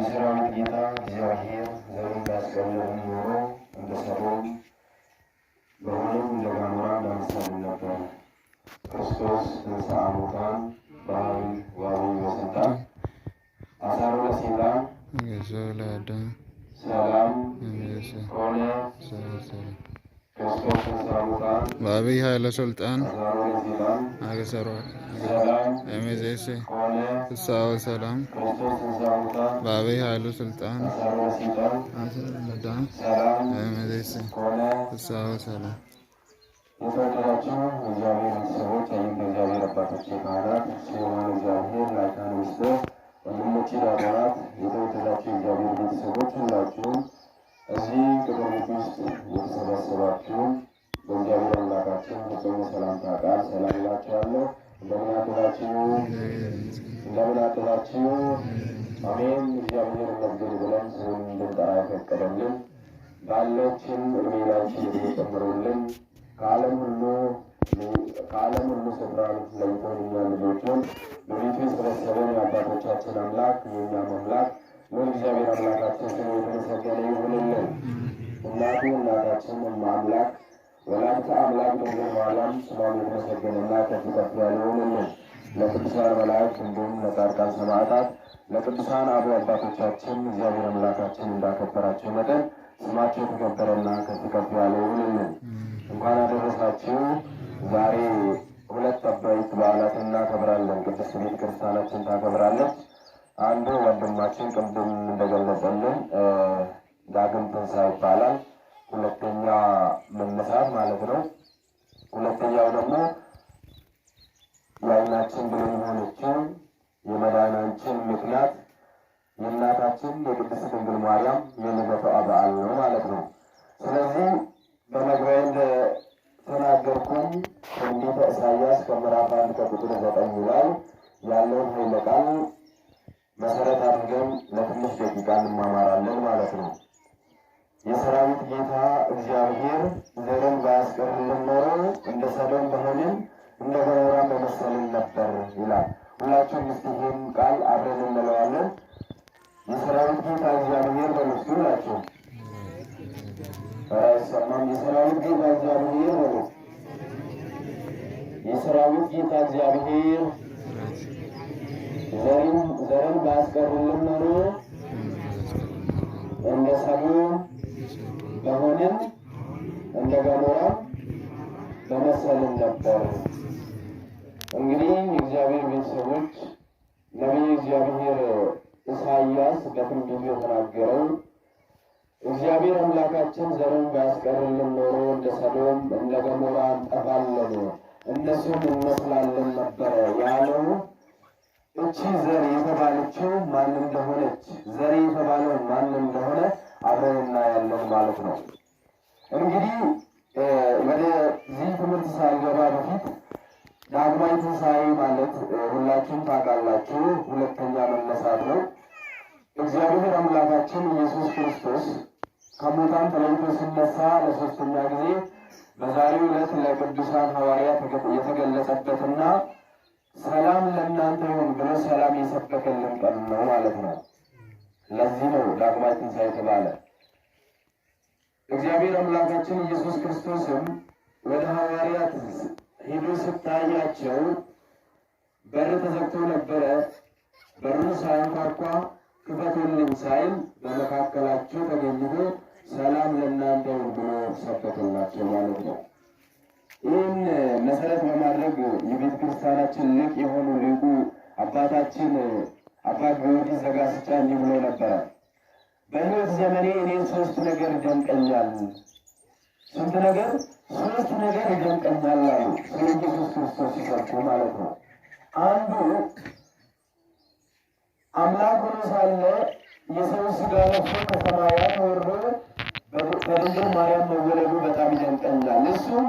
የሰራዊት ጌታ እግዚአብሔር ዘሩን ባስቀለውን ኖሮ እንደ ሰዶም በሁሉም እንደ ገሞራ በመሰሉ ነበር። ክርስቶስ ተንሥአ እሙታን በኃይል ወበኃይል ወስልጣን አሰሮ ለሰይጣን ገዞ ሰላም ኮነ በአብይ ኃይለ ስልጣን አገሰሮ ኤምዜሴ ፍስሐ ወሰላም በአብይ ኃይለ ስልጣን አሰረዳን ኤምዜሴ ፍስሐ ወሰላም የተወደዳችሁ እግዚአብሔር ቤተሰቦች ይህም በእግዚአብሔር አባቶች ካህናት ሲሆን እግዚአብሔር ላይካን ውስጥ ወንድሞች ዳናት የተወደዳችሁ እግዚአብሔር ቤተሰቦች ሁላችሁም እዚህ ቅጥርቤት ውስጥ የተሰበሰባችሁ በእግዚአብሔር አምላካችን በጾሙ ሰላምታ ቃል ሰላም እላችኋለሁ። እንደምን አደራችሁ? እንደምን አደራችሁ? አሜን። እግዚአብሔር ይመስገን ብለን ስሙን እንድንጠራ የፈቀደልን ባለችን እድሜ ላይችን እድሜ ከዓለም ሁሉ ከዓለም ሁሉ ስፍራ ለይቶን እኛ ልጆቹን በቤቱ የሰበሰበን የአባቶቻችን አምላክ የእኛም አምላክ እግዚአብሔር አምላካችን ስሙ የተመሰገነ ይሁንልን። እናቱ እናታችን አምላክ ወላዲተ አምላክ ድንግል ማርያም ስሟም የተመሰገነና ከፍ ከፍ ያለ ይሁንልን። ለቅዱሳን መላእክት እንዲሁም ለጻድቃን ሰማዕታት፣ ለቅዱሳን አበው አባቶቻችን እግዚአብሔር አምላካችን እንዳከበራቸው መጠን ስማቸው የተከበረና ከፍ ከፍ ያለ ይሁንልን። እንኳን አደረሳችሁ። ዛሬ ሁለት አበይት በዓላት እናከብራለን። ቅድስት ቤተ ታከብራለች። አንዱ ወንድማችን ቅድም እንደገለጸልን ዳግም ትንሣኤ ይባላል። ሁለተኛ መነሳት ማለት ነው። ሁለተኛው ደግሞ የአይናችን ብሌን የሆነችው የመዳናችን ምክንያት የእናታችን የቅድስት ድንግል ማርያም የልደቷ በዓል ነው ማለት ነው። ስለዚህ በመግቢያ እንደተናገርኩኝ ትንቢተ ኢሳያስ ከምዕራፍ አንድ ከቁጥር ዘጠኝ ላይ ያለውን ኃይለ ቃል መሰረት አድርገን ለትንሽ ደቂቃ እንማማራለን ማለት ነው። የሰራዊት ጌታ እግዚአብሔር ዘርን ባያስቀርልን ኖሮ እንደ ሰዶም በሆንን እንደ ገሞራ በመሰልን ነበር ይላል። ሁላችሁም እስኪ ይህን ቃል አብረን እንለዋለን። የሰራዊት ጌታ እግዚአብሔር በሉት ሁላችሁ። ኧረ የሰራዊት ጌታ እግዚአብሔር በሉት። የሰራዊት ጌታ እግዚአብሔር ዘሪም ዘርን ባያስቀሩልን ኖሮ እንደ ሰሞን በሆነም እንደ ገሞራ በመሰልን ነበር። እንግዲህ የእግዚአብሔር ቤተሰቦች ነቢይ እግዚአብሔር ኢሳያስ በትንቢቱ የተናገረው እግዚአብሔር አምላካችን ዘርን ባያስቀርልን ኖሮ እንደ ሰዶም እንደ ገሞራ እንጠፋለን፣ እነሱም እንመስላለን ነበረ ያለው እቺ ዘር የተባለችው ማን እንደሆነች ዘር የተባለው ማን እንደሆነ አብረን እናያለን ማለት ነው። እንግዲህ ወደዚህ ትምህርት ሳይገባ በፊት ዳግማዊ ትንሣኤ ማለት ሁላችሁም ታውቃላችሁ፣ ሁለተኛ መነሳት ነው። እግዚአብሔር አምላካችን ኢየሱስ ክርስቶስ ከሙታን ተለይቶ ሲነሳ ለሶስተኛ ጊዜ በዛሬው ዕለት ለቅዱሳን ሐዋርያት የተገለጸበትና ሰላም ለእናንተ ይሁን ብሎ ሰላም የሰበከልን ቀን ነው ማለት ነው። ለዚህ ነው ዳግማይ ትንሣኤ የተባለ። እግዚአብሔር አምላካችን ኢየሱስ ክርስቶስም ወደ ሐዋርያት ሄዶ ስታያቸው በር ተዘግቶ ነበረ። በሩ ሳያንኳኳ ክፈቱልኝ ሳይል በመካከላቸው ተገኝቶ ሰላም ለእናንተ ይሁን ብሎ ሰበከላቸው ማለት ነው። ይህን መሰረት በማድረግ የቤተ ክርስቲያናችን ሊቅ የሆኑ ልቁ አባታችን አባ ጊዮርጊስ ዘጋስጫ እንዲህ ብሎ ነበረ። በህይወት ዘመኔ እኔን ሶስት ነገር ይደንቀኛል። ስንት ነገር? ሶስት ነገር ይደንቀኛል አሉ። ስለ ኢየሱስ ክርስቶስ ሲሰብኩ ማለት ነው። አንዱ አምላክ ሆኖ ሳለ የሰው ስጋ ለብሶ ከሰማያት ወርዶ በድንግል ማርያም መወለዱ በጣም ይደንቀኛል። እሱም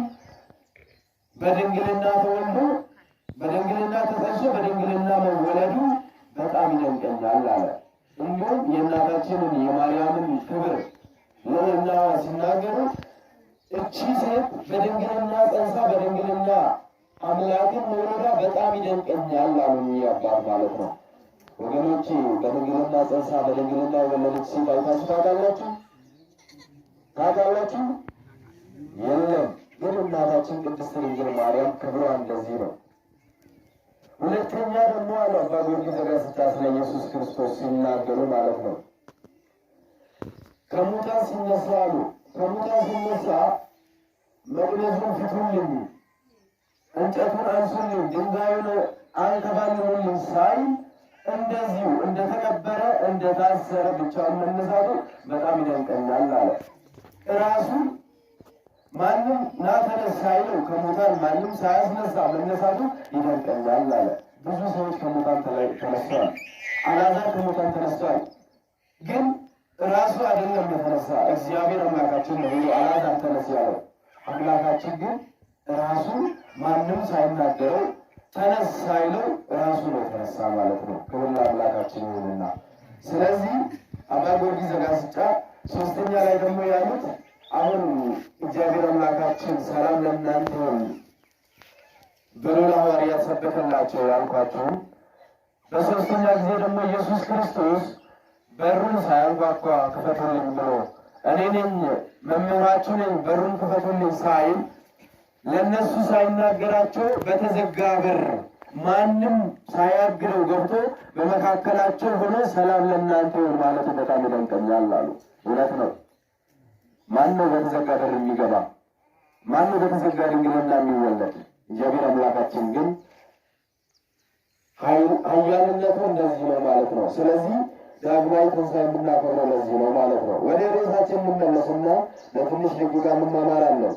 በድንግልና ተወልዶ በድንግልና ተጸንሶ በድንግልና መወለዱ በጣም ይደንቀኛል አለ። እንዲሁም የእናታችንን የማርያምን ክብር ልዕልናዋ ሲናገሩ እቺ ሴት በድንግልና ጸንሳ በድንግልና አምላክን መውለዳ በጣም ይደንቀኛል አሉ አባት ማለት ነው። ወገኖቼ በድንግልና ጸንሳ በድንግልና የወለደች ሴት አይታችሁ ታውቃላችሁ? ታውቃላችሁ? የለም ይህ ቅድስት ድንግል ማርያም ክብሯ እንደዚህ ነው። ሁለተኛ ደግሞ አለ አባ ጊዮርጊስ ዘጋስጫ ስለ ኢየሱስ ክርስቶስ ሲናገሩ ማለት ነው ከሙታን ሲነሳ አሉ ከሙታን ሲነሳ መቅደሱን ፍቱልኝ፣ እንጨቱን አንሱልኝ፣ ድንጋዩን አንከባልሉልኝ ሳይ እንደዚሁ እንደተቀበረ እንደታሰረ ብቻውን መነሳቱ በጣም ይደንቀኛል አለ ራሱን ማንም ና ሳይለው ከሞታን ማንም ሳያስነሳ መነሳቱ ይደንቀኛል አለ። ብዙ ሰዎች ከሞታን ተነስተዋል። አላዛር ከሞታን ተነስተዋል። ግን ራሱ አይደለም የተነሳ እግዚአብሔር አምላካችን ነው አላዛር ተነስ ያለው። አምላካችን ግን ራሱ ማንም ሳይናገረው ተነስ ሳይለው ራሱ ነው የተነሳ ማለት ነው። ክብር አምላካችን ይሁንና ስለዚህ አባ ጊዮርጊስ ዘጋስጫ ሶስተኛ ላይ ደግሞ ያሉት አሁን እግዚአብሔር አምላካችን ሰላም ለእናንተ በሌላ ሐዋርያ ሰበከላቸው ያልኳቸው በሶስተኛ ጊዜ ደግሞ ኢየሱስ ክርስቶስ በሩን ሳያንኳኳ ክፈቱልኝ ብሎ እኔ ነኝ መምህራችሁ ነኝ በሩን ክፈቱልኝ ሳይል ለእነሱ ሳይናገራቸው በተዘጋ በር ማንም ሳያግደው ገብቶ በመካከላቸው ሆኖ ሰላም ለእናንተ ይሁን በጣም ይደንቀኛል አሉ። እውነት ነው። ማን ነው በተዘጋ በር የሚገባ? ማን ነው በተዘጋ ድንግልና የሚወለድ? እግዚአብሔር አምላካችን ግን ኃያልነቱ እንደዚህ ነው ማለት ነው። ስለዚህ ዳግማዊ ትንሣኤ የምናከብረው ለዚህ ነው ማለት ነው። ወደ ርዕሳችን የምንመለስና ለትንሽ ደቂቃ እንማማራለን።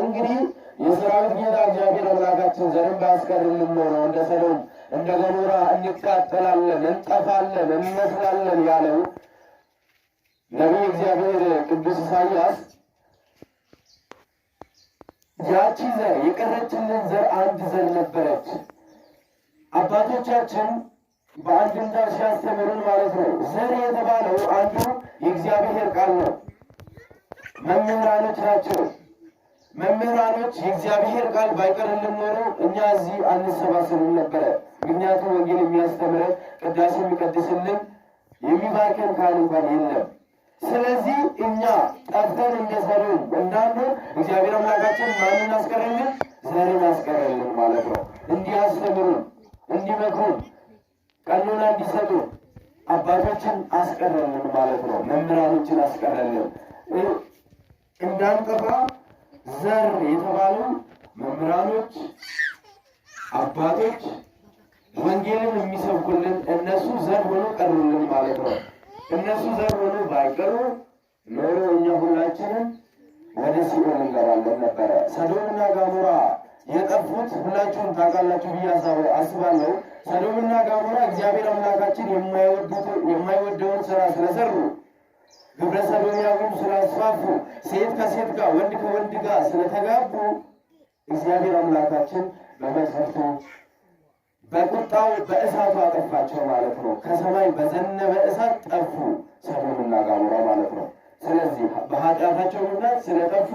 እንግዲህ የሰራዊት ጌታ እግዚአብሔር አምላካችን ዘርን ባያስቀርልን ኖሮ እንደ ሰዶም እንደ ገሞራ እንቃጠላለን፣ እንጠፋለን፣ እንመስላለን ያለው ነቢ እግዚአብሔር ቅዱስ ኢሳያስ ያቺ ዘር የቀረችልን ዘር አንድ ዘር ነበረች። አባቶቻችን በአንድምታ ሲያስተምሩን ማለት ነው። ዘር የተባለው አንዱ የእግዚአብሔር ቃል ነው። መምህራኖች ናቸው። መምህራኖች የእግዚአብሔር ቃል ባይቀርልን ኖሮ እኛ እዚህ አንሰባሰብም ነበረ። ምክንያቱም ወንጌል የሚያስተምረን ቅዳሴ የሚቀድስልን የሚባርከን ካል እንኳን የለም። ስለዚህ እኛ ጠፍተን እንደሰሩ እንዳንዱ እግዚአብሔር አምላካችን ማንን አስቀረልን? ዘርን አስቀረልን ማለት ነው። እንዲያስተምሩን፣ እንዲመክሩን፣ ቀኑን እንዲሰጡ አባቶችን አስቀረልን ማለት ነው። መምህራኖችን አስቀረልን። እንዳንጠፋ ዘር የተባሉ መምህራኖች፣ አባቶች ወንጌልን የሚሰብኩልን እነሱ ዘር ሆኖ ቀሩልን ማለት ነው። እነሱ ዘር ሆኖ ባይቀሩ ኖሮ እኛ ሁላችንም ወደ ሲኦል እንገባለን ነበረ። ሰዶምና ጋሞራ የጠፉት ሁላችሁም ታውቃላችሁ ብዬ አስባለሁ። ሰዶምና ጋሞራ እግዚአብሔር አምላካችን የማይወደውን ስራ ስለሰሩ ግብረ ሰዶምያዊም ስላስፋፉ ሴት ከሴት ጋር ወንድ ከወንድ ጋር ስለተጋቡ እግዚአብሔር አምላካችን በመሰርቶ በቁጣው በእሳቱ አጠፋቸው ማለት ነው። ከሰማይ በዘነበ እሳት ጠፉ ሰዶምና ጋሞራ ማለት ነው። ስለዚህ በኃጢአታቸው ምክንያት ስለጠፉ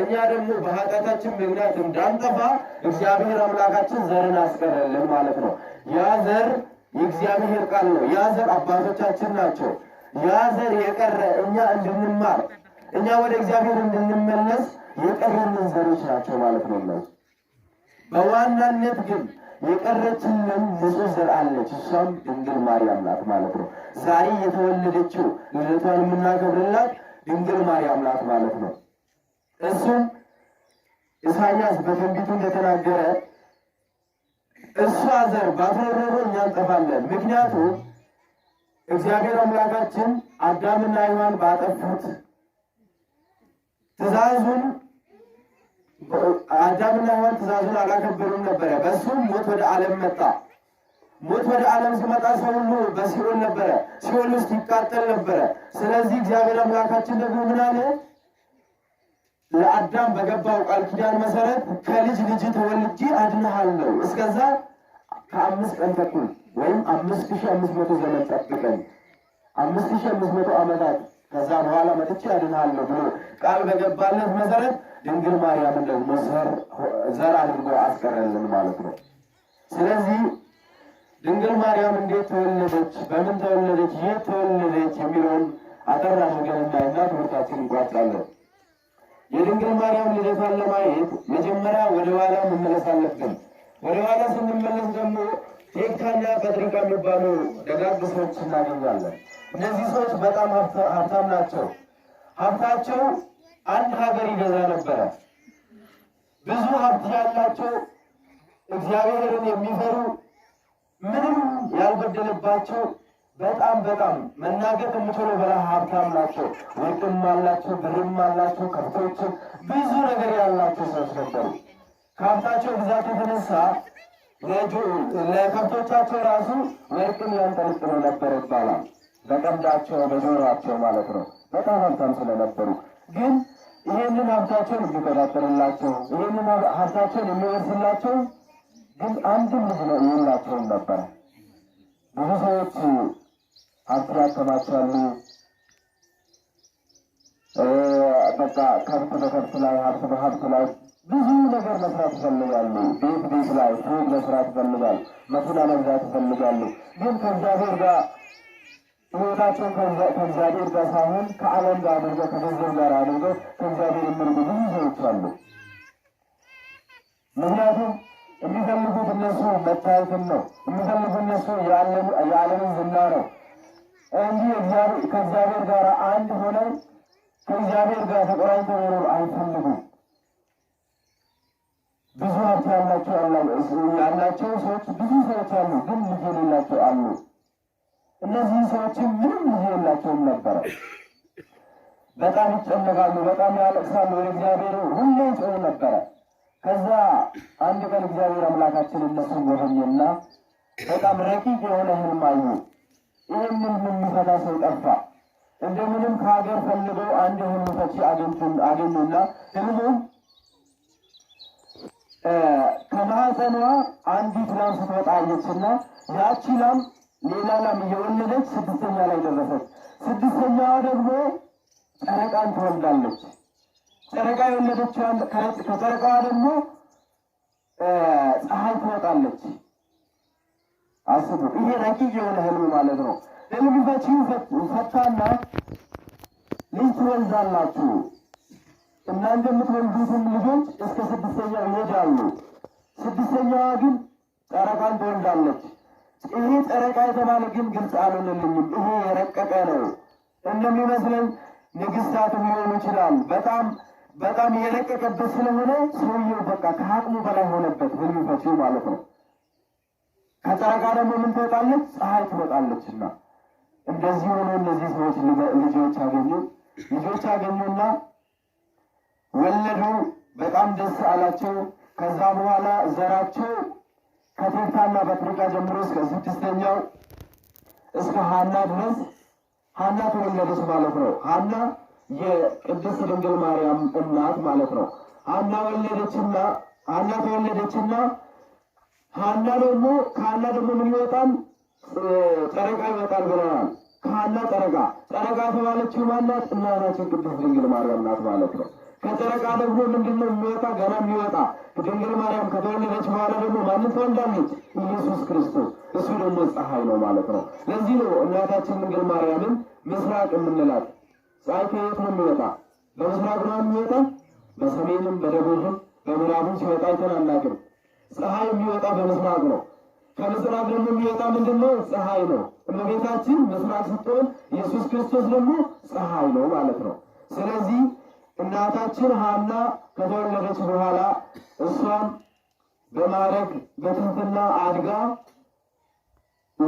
እኛ ደግሞ በኃጢአታችን ምክንያት እንዳንጠፋ እግዚአብሔር አምላካችን ዘርን አስቀረልን ማለት ነው። ያ ዘር የእግዚአብሔር ቃል ነው። ያ ዘር አባቶቻችን ናቸው። ያ ዘር የቀረ እኛ እንድንማር እኛ ወደ እግዚአብሔር እንድንመለስ የቀረንን ዘሮች ናቸው ማለት ነው። በዋናነት ግን የቀረችልን ንጹህ ዘር አለች፣ እሷም ድንግል ማርያም ናት ማለት ነው። ዛሬ የተወለደችው ልደቷን የምናከብርላት ድንግል ማርያም ናት ማለት ነው። እሱም ኢሳያስ በትንቢቱ እንደተናገረ እሷ ዘር ባፈረረ እኛ እንጠፋለን። ምክንያቱም እግዚአብሔር አምላካችን አዳምና ሔዋን ባጠፉት ትእዛዙን አዳምና ሔዋን ትእዛዙን አላከበሩም ነበረ። በሱም ሞት ወደ ዓለም መጣ። ሞት ወደ ዓለም ሲመጣ ሰው ሁሉ በሲኦል ነበረ፣ ሲኦል ውስጥ ይቃጠል ነበረ። ስለዚህ እግዚአብሔር አምላካችን ደግሞ ምን አለ? ለአዳም በገባው ቃል ኪዳን መሰረት ከልጅ ልጅ ተወልጄ አድንሃለሁ፣ እስከዛ ከአምስት ቀን ተኩል ወይም አምስት ሺ አምስት መቶ ዘመን ጠብቀኝ፣ አምስት ሺ አምስት መቶ ዓመታት ከዛ በኋላ መጥቼ አድንሃለሁ ብሎ ቃል በገባለት መሰረት ድንግል ማርያምን ደግሞ ዘር አድርጎ አስቀረልን ማለት ነው። ስለዚህ ድንግል ማርያም እንዴት ተወለደች፣ በምን ተወለደች፣ የት ተወለደች የሚለውን አጠር አድርገን እናይና ትምህርታችን እንቋጫለን። የድንግል ማርያም ልደቷን ለማየት መጀመሪያ ወደ ኋላ መመለስ አለብን። ወደ ኋላ ስንመለስ ደግሞ ቴካና ጴጥርቃ የሚባሉ ደጋግ ሰዎች እናገኛለን። እነዚህ ሰዎች በጣም ሀብታም ናቸው። ሀብታቸው አንድ ሀገር ይገዛ ነበረ። ብዙ ሀብት ያላቸው እግዚአብሔርን የሚፈሩ ምንም ያልበደለባቸው በጣም በጣም መናገር የምትሆነ በላ ሀብታም ናቸው። ወርቅም አላቸው፣ ብርም አላቸው፣ ከብቶችም ብዙ ነገር ያላቸው ሰዎች ነበሩ። ከሀብታቸው ብዛት የተነሳ ለከብቶቻቸው ራሱ ወርቅም ያንጠለጥሎ ነበር ይባላል። በቀንዳቸው በጆሯቸው ማለት ነው። በጣም ሀብታም ስለነበሩ ግን ይህንን ሀብታቸውን የሚቆጣጠርላቸው ይህንን ሀብታቸውን የሚወርስላቸው ግን አንድም ልጅ ነው የላቸውም ነበር። ብዙ ሰዎች ሀብት ያከማቻሉ። በቃ ከብት በከብት ላይ፣ ሀብት በሀብት ላይ ብዙ ነገር መስራት ይፈልጋሉ። ቤት ቤት ላይ ሱቅ መስራት ይፈልጋሉ። መኪና መግዛት ይፈልጋሉ። ግን ከእግዚአብሔር ጋር ህይወታቸውን ከእግዚአብሔር ጋር ሳይሆን ከዓለም ጋር አድርገው ከገንዘብ ጋር አድርገው መታየትን ነው የሚፈልጉ እነሱ የዓለምን ዝና ነው እንጂ ከእግዚአብሔር ጋር አንድ ሆነው ከእግዚአብሔር ጋር ተቆራኝተው መኖር አይፈልጉም። ብዙ ሀብት ያላቸው ያላቸው ሰዎች ብዙ ሰዎች አሉ፣ ግን ልጅ የሌላቸው አሉ። እነዚህ ሰዎችም ምንም ልጅ የላቸውም ነበረ። በጣም ይጨነቃሉ፣ በጣም ያለቅሳሉ። ወደ እግዚአብሔር ሁሌ ይጮሁ ነበረ። ከዛ አንድ ቀን እግዚአብሔር አምላካችንን እነሱን ጎበኘና በጣም ረቂቅ የሆነ ህልም አዩ። ይህን የሚፈታ ሰው ጠፋ። እንደምንም ከሀገር ፈልገው አንድ ህልም ፈቺ አገኙና ህልሙም ከማህፀኗ አንዲት ላም ስትወጣ አየችና ያቺ ላም ሌላ ላም እየወለደች ስድስተኛ ላይ ደረሰች። ስድስተኛዋ ደግሞ ጨረቃን ትወልዳለች። ጨረቃ የወለደች ከጨረቃዋ ደግሞ ፀሐይ ትወጣለች። አስቡ። ይሄ ረቂቅ የሆነ ህልም ማለት ነው። ለምግባችሁ ፈታና ልጅ ትወልዳላችሁ። እናንተ የምትወልዱትን ልጆች እስከ ስድስተኛው ይሄዳሉ። ስድስተኛዋ ግን ጨረቃን ትወልዳለች። ይሄ ጨረቃ የተባለ ግን ግልጽ አልሆነልኝም። ይሄ የረቀቀ ነው እንደሚመስለኝ። ንግስታት ሊሆኑ ይችላል በጣም በጣም የለቀቀበት ስለሆነ ሰውየው በቃ ከአቅሙ በላይ ሆነበት፣ ህልሚፈችው ማለት ነው። ከጨረቃ ደግሞ ምን ትወጣለች? ፀሐይ ትወጣለች። እና እንደዚህ ሆኖ እነዚህ ሰዎች ልጆች አገኙ። ልጆች አገኙና ወለዱ። በጣም ደስ አላቸው። ከዛ በኋላ ዘራቸው ከቴፍታና በትሪቃ ጀምሮ እስከ ስድስተኛው እስከ ሀና ድረስ ሀና ተወለደች ማለት ነው ሀና የቅድስት ድንግል ማርያም እናት ማለት ነው። ሀና ወለደችና ሀና ተወለደችና ሀና ደግሞ ከሀና ደግሞ ምን ይወጣል? ጨረቃ ይወጣል ብለናል። ከሀና ጨረቃ ጨረቃ ተባለችው ማናት? እናታችን ቅድስት ድንግል ማርያም ናት ማለት ነው። ከጨረቃ ደግሞ ምንድን ነው የሚወጣ? ገና የሚወጣ ድንግል ማርያም ከተወለደች በኋላ ደግሞ ማንን ትወልዳለች? ኢየሱስ ክርስቶስ። እሱ ደግሞ ፀሐይ ነው ማለት ነው። ለዚህ ነው እናታችን ድንግል ማርያምን ምስራቅ የምንላት። ፀሐይ ከየት ነው የሚወጣ? በምስራቅ ነው የሚወጣ? በሰሜንም በደቡብም በምዕራብም ሲወጣ አይተን አናውቅም። ፀሐይ የሚወጣ በምስራቅ ነው። ከምስራቅ ደግሞ የሚወጣ ምንድን ነው? ፀሐይ ነው። እመቤታችን ምስራቅ ስትሆን፣ ኢየሱስ ክርስቶስ ደግሞ ፀሐይ ነው ማለት ነው። ስለዚህ እናታችን ሐና ከተወለደች በኋላ እሷም በማረግ በትንትና አድጋ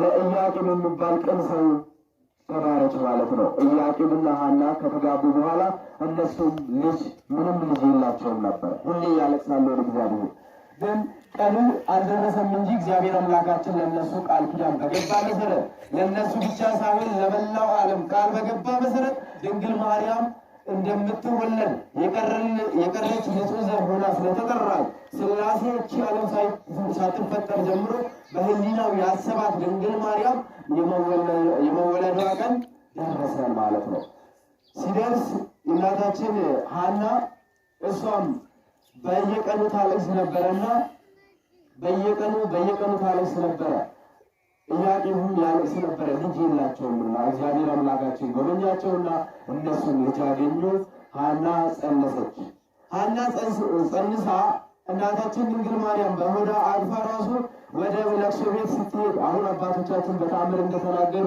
ለኢያቄም የሚባል ቅን ሰው ተዳረች ማለት ነው። ኢያቄምና ሐና ከተጋቡ በኋላ እነሱም ልጅ ምንም ልጅ የላቸውም ነበር። ሁሌ ያለቅሳሉ እግዚአብሔር። ግን ቀኑ አልደረሰም እንጂ እግዚአብሔር አምላካችን ለእነሱ ቃል ኪዳን በገባ መሰረት ለእነሱ ብቻ ሳይሆን ለመላው ዓለም ቃል በገባ መሰረት ድንግል ማርያም እንደምትወለድ የቀረች ንጹሕ ዘር ሆና ስለተጠራች ስላሴ ይህች ዓለም ሳትፈጠር ጀምሮ በህሊናው ያሰባት ድንግል ማርያም የመወለዷ ቀን ደረሰን ማለት ነው። ሲደርስ እናታችን ሀና እሷም በየቀኑ ታለቅስ ነበረና በየቀኑ በየቀኑ ታለቅስ ነበረ። ኢያቄምም ያለቅስ ነበረ። ልጅ የላቸውምና እግዚአብሔር አምላካችን ጎበኛቸውና እነሱን ልጅ አገኙ። ሀና ጸነሰች። ሀና ጸንሳ እናታችን ድንግል ማርያም በሆዷ አቅፋ ራሱ ወደ ለቅሶ ቤት ስትሄድ አሁን አባቶቻችን በታምር እንደተናገሩ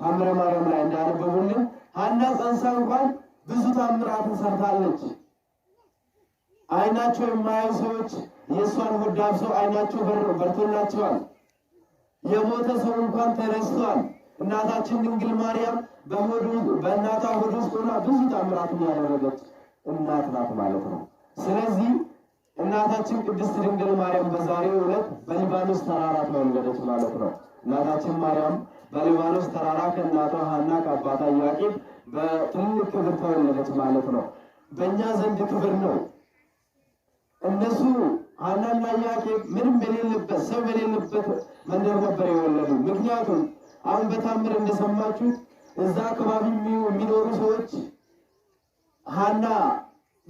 ታምረ ማርያም ላይ እንዳነበቡልን ሐና ጸንሳ እንኳን ብዙ ታምራትን ሰርታለች። አይናቸው የማያዩ ሰዎች የእሷን ሆድ ዳብሰው አይናቸው በርቶላቸዋል። የሞተ ሰው እንኳን ተነስቷል። እናታችን ድንግል ማርያም በሆዱ በእናቷ ሆድ ውስጥ ሆና ብዙ ታምራትን ያደረገች እናት ናት ማለት ነው። ስለዚህ እናታችን ቅድስት ድንግል ማርያም በዛሬው ዕለት በሊባኖስ ተራራ ተወለደች ማለት ነው። እናታችን ማርያም በሊባኖስ ተራራ ከእናቷ ሐና ከአባታ ኢያቄም በትልቅ ክብር ተወለደች ማለት ነው። በእኛ ዘንድ ክብር ነው። እነሱ ሐናና ኢያቄም ምንም የሌለበት ሰው የሌለበት መንደር ነበር የወለዱ። ምክንያቱም አሁን በታምር እንደሰማችሁ እዛ አካባቢ የሚኖሩ ሰዎች ሐና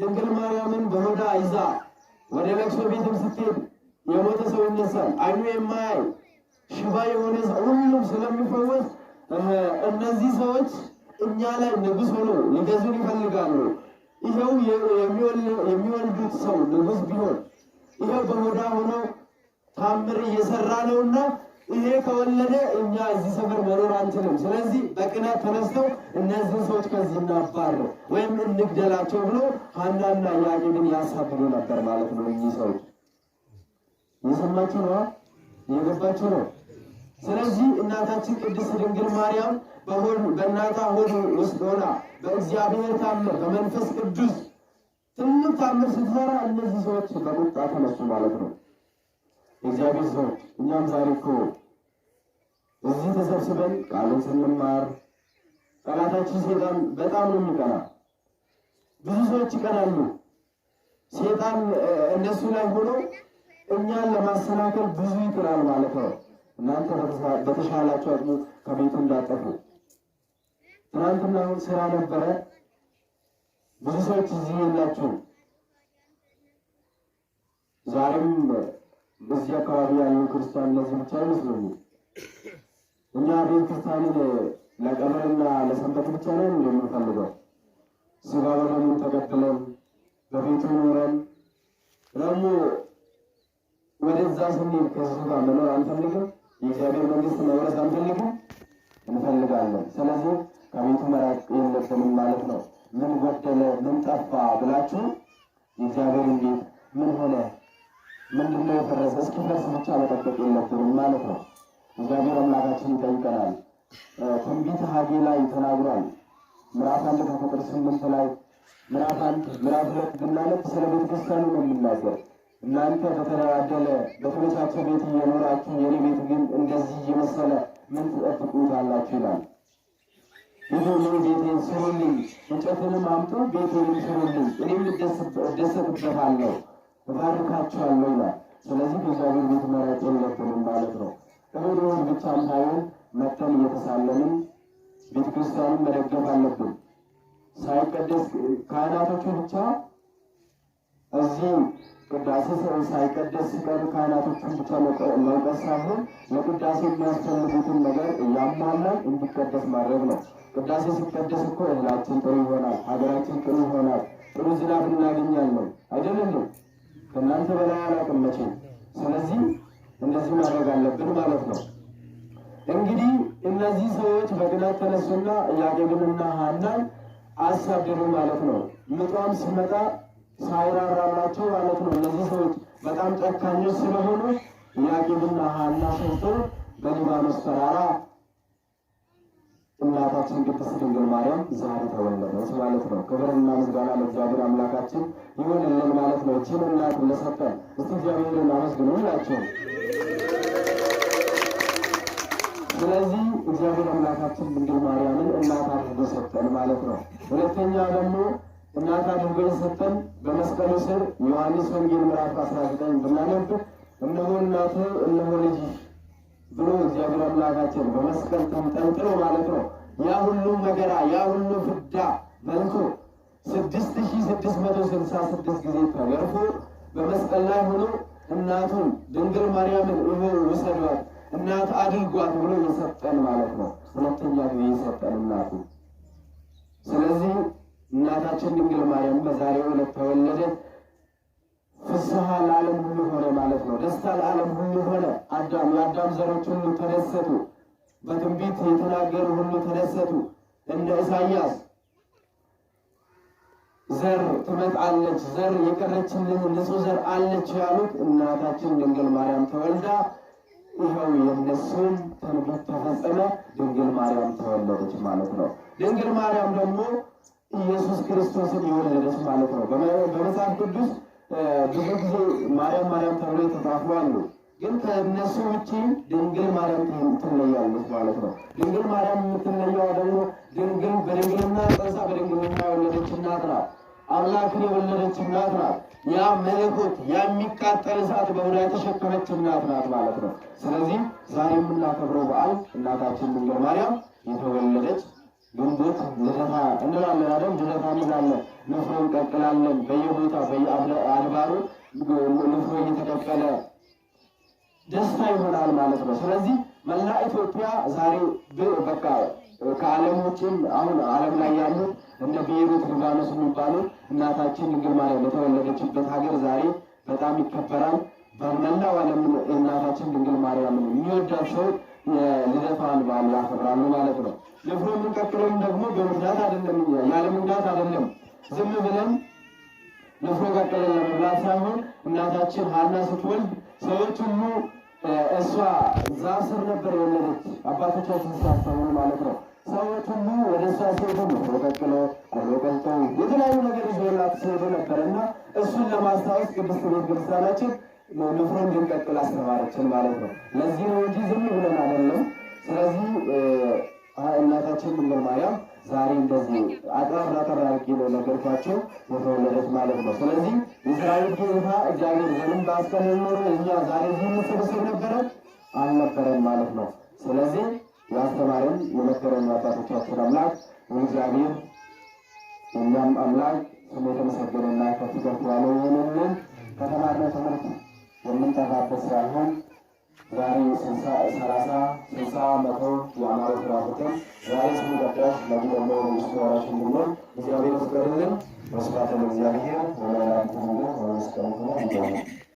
ድንግል ማርያምን በሆዳ ይዛ ወደ ለቅሶ ቤትም ስትሄድ የሞተ ሰው ይነሳል። አይኑ የማያይ ሽባ የሆነ ሁሉም ስለሚፈወስ እነዚህ ሰዎች እኛ ላይ ንጉስ ሆኖ ሊገዙን ይፈልጋሉ። ይኸው የሚወልዱት ሰው ንጉስ ቢሆን ይኸው በሞዳ ሆኖ ታምር እየሰራ ነውና ይሄ ከወለደ እኛ እዚህ ሰፈር መኖር አንችልም። ስለዚህ በቅናት ተነስተው እነዚህን ሰዎች ከዚህ እናባረው ወይም እንግደላቸው ብሎ ሐናና ያዕቆብን ያሳብዱ ነበር ማለት ነው። እኚህ ሰዎች እየሰማችሁ ነዋ፣ እየገባችሁ ነው። ስለዚህ እናታችን ቅድስት ድንግል ማርያም በእናቷ ሆድ ውስጥ ሆና በእግዚአብሔር ታምር በመንፈስ ቅዱስ ትልቅ ታምር ስትሰራ እነዚህ ሰዎች በቁጣ ተነሱ ማለት ነው። እግዚአብሔር ሰው እኛም ዛሬ እኮ እዚህ ተሰብስበን ቃሉን ስንማር ጠላታችን ሴጣን በጣም ነው የሚቀና። ብዙ ሰዎች ይቀናሉ። ሴጣን እነሱ ላይ ሆኖ እኛን ለማሰናከል ብዙ ይጥራል ማለት ነው። እናንተ በተሻላችሁ አቅሙ ከቤቱ እንዳጠፉ። ትናንትና አሁን ስራ ነበረ። ብዙ ሰዎች እዚህ የላችሁም ዛሬም በዚህ አካባቢ ያሉ ክርስቲያን ለዚህ ብቻ አይመስለኝ። እኛ ቤተ ክርስቲያንን ለሰንበት ብቻ ነው እንደምንፈልገው ስጋ በደሙን ተከትለን በቤቱ ኖረን ደግሞ ወደዛ ስንል ከሱ ጋር መኖር አንፈልግም። የእግዚአብሔር መንግስት መውረስ አንፈልግም፣ እንፈልጋለን። ስለዚህ ከቤቱ መራቅ የለብንም ማለት ነው። ምን ጎደለ፣ ምን ጠፋ ብላችሁ የእግዚአብሔርን እንዴት ምን ሆነ ምንድነው የፈረሰ እስኪፈርስ ብቻ መጠበቅ የለብንም ማለት ነው። እግዚአብሔር አምላካችን ይጠይቀናል። ትንቢተ ሐጌ ላይ ተናግሯል። ምዕራፍ አንድ ከቁጥር ስምንት ላይ ምዕራፍ አንድ ምዕራፍ ሁለት ብናለት ስለ ቤተክርስቲያኑ ነው የሚናገር። እናንተ በተደላደለ በተመቻቸ ቤት እየኖራችሁ የኔ ቤት ግን እንደዚህ እየመሰለ ምን ትጠብቁታላችሁ? ይላል። ይህ ምን ቤቴን ስሩልኝ፣ እንጨትንም አምጡ፣ ቤቴንም ስሩልኝ፣ እኔም እደሰትበታለሁ እባርካቸዋለሁ ይላል። ስለዚህ በእግዚአብሔር ቤት መራቅ የለብንም ማለት ነው። እሁድ እሁድ ብቻም ሳይሆን መተን እየተሳለምን ቤተ መደገፍ አለብን። ሳይቀደስ ካህናቶቹ ብቻ እዚህ ቅዳሴ ሳይቀደስ ሲቀር ካህናቶቹን ብቻ መውቀስ ሳይሆን ለቅዳሴ የሚያስፈልጉትን ነገር እያሟላን እንዲቀደስ ማድረግ ነው። ቅዳሴ ሲቀደስ እኮ እህላችን ጥሩ ይሆናል፣ ሀገራችን ጥሩ ይሆናል፣ ጥሩ ዝናብ እናገኛለን። አይደለም ከእናንተ በላይ አላውቅም መቼም። ስለዚህ እንደዚህ ማድረግ አለብን ማለት ነው። እንግዲህ እነዚህ ሰዎች በግላት ተነሱና ኢያቄምንና ሐናን አሳደዱ ማለት ነው። ምጧም ሲመጣ ሳይራራላቸው ማለት ነው። እነዚህ ሰዎች በጣም ጨካኞች ስለሆኑ ያቄብና ሐና ሸሽተው በሊባኖስ ተራራ እናታችን ቅድስት ድንግል ማርያም ዛሬ ተወለደች ማለት ነው። ክብርና ምስጋና ለእግዚአብሔር አምላካችን ይሆንልን ማለት ነው። ችን እናት እንደሰጠን እስቲ እግዚአብሔርን አመስግኑ ናቸው። ስለዚህ እግዚአብሔር አምላካችን ድንግል ማርያምን እናት አድርጎ ሰጠን ማለት ነው። ሁለተኛ ደግሞ እናት አድርጎ የሰጠን በመስቀሉ ስር ዮሐንስ ወንጌል ምዕራፍ 19 ብናነብ እነሆ እናት እነሆ ልጅ ብሎ እግዚአብሔር አምላካችን በመስቀል ተንጠልጥሎ ማለት ነው ያ ሁሉም መገራ ያ ሁሉ ፍዳ መልኩ ስድስት ሺህ ስድስት መቶ ስልሳ ስድስት ጊዜ ተገርፎ በመስቀል ላይ ሆኖ እናቱን ድንግል ማርያምን እህ ውሰዷት እናት አድርጓት ብሎ የሰጠን ማለት ነው። ሁለተኛ ጊዜ የሰጠን እናቱ። ስለዚህ እናታችን ድንግል ማርያም በዛሬው ዕለት ተወለደች። ፍስሐ ለዓለም ሁሉ ሆነ ማለት ነው። ደስታ ለዓለም ሁሉ ሆነ። አዳም የአዳም ዘሮች ሁሉ ተደሰቱ። በትንቢት የተናገሩ ሁሉ ተደሰቱ። እንደ ኢሳይያስ ዘር ትመጣለች፣ ዘር የቀረችልን ንጹሕ ዘር አለች ያሉት እናታችን ድንግል ማርያም ተወልዳ ይኸው የነሱን ትንቢት ተፈጸመ። ድንግል ማርያም ተወለደች ማለት ነው። ድንግል ማርያም ደግሞ ኢየሱስ ክርስቶስን የወለደች ማለት ነው። በመጽሐፍ ቅዱስ ብዙ ጊዜ ማርያም ማርያም ተብሎ የተጻፉ አሉ። ግን ከእነሱ ውጭ ድንግል ማርያም ትለያለች ማለት ነው። ድንግል ማርያም የምትለየዋ ደግሞ ድንግል በድንግልና ጸንሳ በድንግልና የወለደች እናት ናት። አምላክን የወለደች እናት ናት። ያ መለኮት የሚቃጠል እሳት በሆዳ የተሸከመች እናት ናት ማለት ነው። ስለዚህ ዛሬ የምናከብረው በዓል እናታችን ድንግል ማርያም የተወለደች ግንቦት ልደታ እንላለን አይደል? ልደታ እንላለን። ንፍሮ እንቀቅላለን። በየቦታ በየአድባሩ ንፍሮ እየተቀቀለ ደስታ ይሆናል ማለት ነው። ስለዚህ መላ ኢትዮጵያ ዛሬ በቃ ከዓለም ውጭም አሁን ዓለም ላይ ያሉት እነ ቤይሩት ሊባኖስ የሚባለው እናታችን ድንግል ማርያም የተወለደችበት ሀገር ዛሬ በጣም ይከበራል። በመላው ዓለም እናታችን ድንግል ነው የሚወዳት ሰው ልደቷን በዓል ያከብራሉ ማለት ነው። ልፍሮ የምንቀጥለውም ደግሞ በምክንያት አይደለም፣ ያለ ምክንያት አይደለም። ዝም ብለን ልፍሮ ቀጥለን ለመብላት ሳይሆን እናታችን ሀና ስትወልድ ሰዎች ሁሉ እሷ ዛፍ ስር ነበር የወለደች አባቶቻችን ሲያስተውሉ ማለት ነው። ሰዎች ሁሉ ወደ እሷ ሲሄዱ ንፍሮ ቀቅሎ ቆሎ ቆልጦ የተለያዩ ነገር ይዞላት ሲሄዱ ነበረና እሱን ለማስታወስ ቅድስት ቤት ክርስቲያናችን ንፍሮ እንድንቀቅል አስተማረችን ማለት ነው። ለዚህ ነው እንጂ ዝም ብለን አይደለም። ስለዚህ እናታችን ድንግል ማርያም ዛሬ እንደዚህ አጠራራ ተራቂ ነው ነገርኳቸው የተወለደች ማለት ነው። ስለዚህ የሰራዊት ጌታ እግዚአብሔር ዘንም በአስቀን ኖሮ እኛ ዛሬ እዚህ መሰብሰብ ነበረ አልነበረም ማለት ነው። ስለዚህ ያስተማረን የመከረን አባቶቻችን አምላክ እግዚአብሔር እኛም አምላክ ስሙ የተመሰገነና ከፍ ከፍ ያለ የሆነልን ከተማርነው ትምህርት የምንጠፋበት ሳይሆን ዛሬ ሰላሳ ስልሳ መቶ የአማሮ ፍራፍትን ዛሬ ስሙ ቀዳሽ ለጉደሞ መንግስቱ ወራሽ እንድንሆን እግዚአብሔር ይፍቀድልን። መስፋትን እግዚአብሔር ወላላ ሁሉ ወመስቀሙ ይገኛል